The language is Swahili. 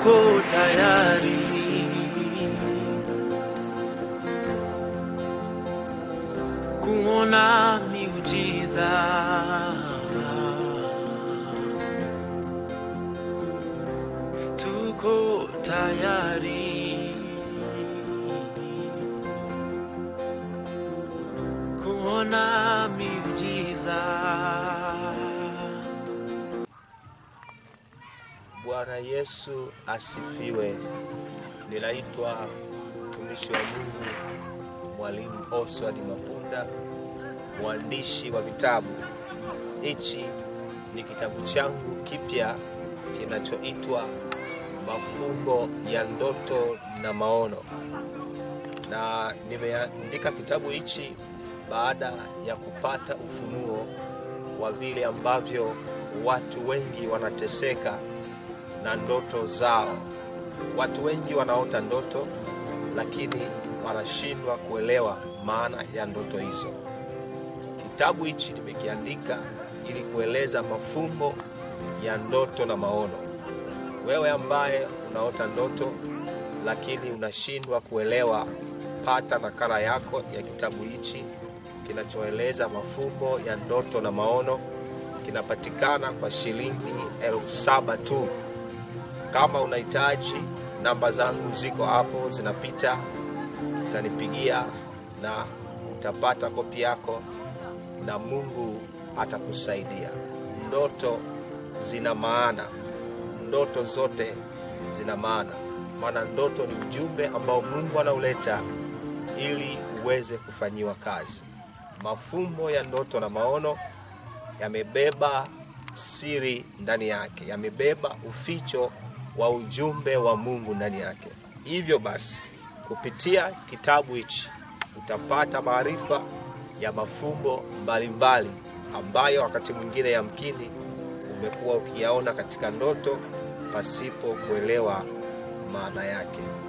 uko tayari kuona miujiza, tuko tayari kuona miujiza. Bwana Yesu asifiwe. Ninaitwa mtumishi wa Mungu Mwalimu Oswald Mapunda, mwandishi wa vitabu. Hichi ni kitabu changu kipya kinachoitwa Mafumbo ya Ndoto na Maono, na nimeandika kitabu hichi baada ya kupata ufunuo wa vile ambavyo watu wengi wanateseka na ndoto zao. Watu wengi wanaota ndoto lakini wanashindwa kuelewa maana ya ndoto hizo. Kitabu hichi nimekiandika ili kueleza mafumbo ya ndoto na maono. Wewe ambaye unaota ndoto lakini unashindwa kuelewa, pata nakala yako ya kitabu hichi kinachoeleza mafumbo ya ndoto na maono. Kinapatikana kwa shilingi elfu saba tu. Kama unahitaji namba zangu ziko hapo, zinapita, utanipigia na utapata kopi yako, na Mungu atakusaidia. Ndoto zina maana, ndoto zote zina maana, maana ndoto ni ujumbe ambao Mungu anauleta ili uweze kufanyiwa kazi. Mafumbo ya ndoto na maono yamebeba siri ndani yake, yamebeba uficho wa ujumbe wa Mungu ndani yake. Hivyo basi, kupitia kitabu hichi utapata maarifa ya mafumbo mbalimbali ambayo wakati mwingine yamkini umekuwa ukiyaona katika ndoto pasipo kuelewa maana yake.